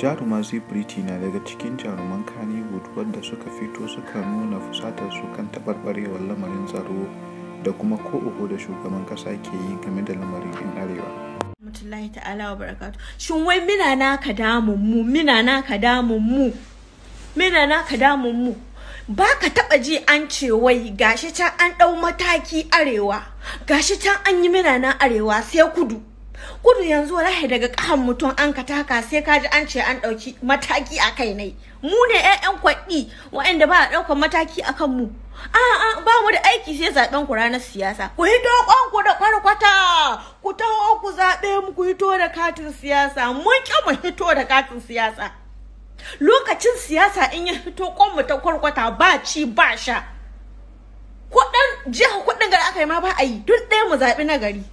jaruma zibriti na daga cikin jaruman kannywood wadda suka fito suka nuna fusatar su kan tabarbarewar lamarin tsaro da kuma ko uku da shugaban kasa ke yi game da lamarin yan arewa shin wai mina na ka damun mu mina na ka damun mu mina na ka damun mu ba ka taba ji an ce wai gashi can an dau mataki arewa gashi can an yi mina na arewa sai kudu Kudu yanzu wallahi daga kahan mutum an ka taka sai kaji an ce an dauki mataki a kai nai mu ne ƴaƴan kwaɗi waɗanda ba a ɗaukar mataki a kan mu a'a ba mu da aiki sai zaben ku ranar siyasa ku hito ku da kwarkwata ku taho ku zaɓe mu ku hito da katin siyasa mun ƙi mu hito da katin siyasa lokacin siyasa in ya hito mu ta kwarkwata ba ci ba sha kuɗin jiha kuɗin gari aka yi ma ba a yi duk ɗaya mu zaɓi na gari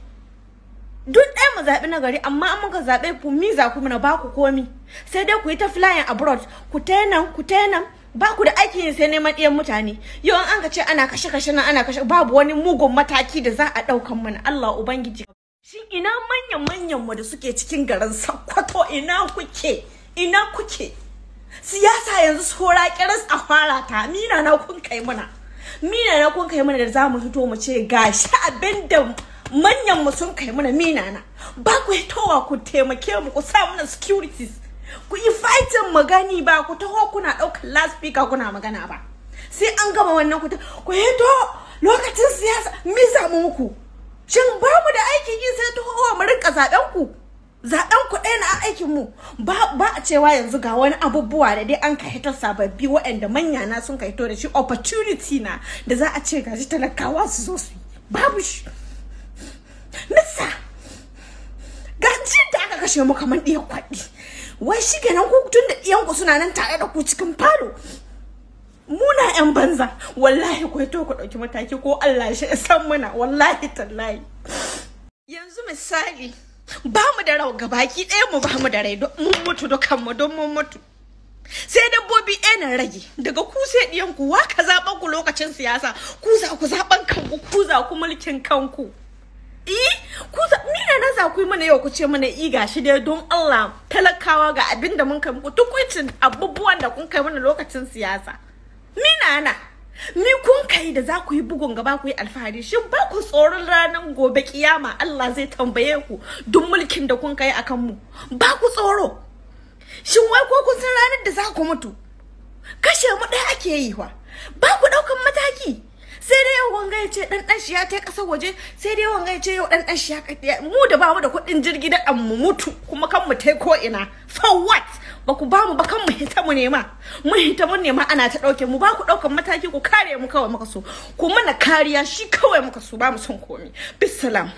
mu zaɓi na gari amma an muka zaɓe ku mi za ku na baku komi sai dai ku yi ta flying abroad ku ta nan ku ta nan ba ku da aikin yin sai neman ɗiyan mutane yau an ka ce ana kashe kashe nan ana kashe babu wani mugun mataki da za a ɗaukan mana Allah ubangiji shin ina manyan manyan mu da suke cikin garin Sokoto ina kuke ina kuke siyasa yanzu su kiras a fara ta mina na kun kai muna mina na kun kai muna da zamu hito mu ce gashi abinda manyan mu sun kai mana minana ba ku towa ku taimake mu ku sa mana securities ku yi fighting magani ba ku taho kuna ɗaukar speaker kuna magana ba sai an gama wannan ku ku heto lokacin siyasa mi za mu muku shin ba mu da aikin yi sai taho mu rinka zaben ku zaben ku ɗaya na aikin mu ba a cewa yanzu ga wani abubuwa da dai an ka hito sababbi waɗanda manya na sun ka hito da shi opportunity na da za a ce gaji talakawa su zo su babu shi kashe mu kamar ɗiyan kwaɗi wai shi kenan ku tun da ɗiyanku suna nan tare da ku cikin falo muna yan banza wallahi ku to ku ɗauki mataki ko Allah shi san walahi wallahi tallahi yanzu misali ba mu da rau gabaki ɗaya mu ba mu da rai mu mutu dukan mu don mun mutu sai dabbobi ɗaya na rage daga ku sai ɗiyan ku wa ka zaɓan ku lokacin siyasa ku za ku zaɓan kanku ku za ku mulkin kanku eh za ku yi mana yau ku ce mana i gashi dai don Allah talakawa ga abin da mun kai muku tukuncin abubuwan da kun kai mana lokacin siyasa ni nana ni kun kai da za ku yi bugun gaba ku yi alfahari shin ba ku tsoron ranar gobe kiyama Allah zai tambaye ku duk mulkin da kun kai akan mu ba ku tsoro shin wai ko kun san ranar da za ku mutu kashe mu ɗaya ake yi wa ba ku ɗaukan mataki sai dai yau wanga ya ce dan dan shi ya ta kasar waje sai dai wanga ya ce yau dan dan shi ya kai mu da bamu da kuɗin jirgi da mu mutu kuma kan mu tai ko ina for what ba ku bamu ba kan mu hita mu nema mu hita mu nema ana ta dauke mu ba ku daukan mataki ku kare mu kawai muka so ku mana kariya shi kawai muka so ba mu son komi bisalam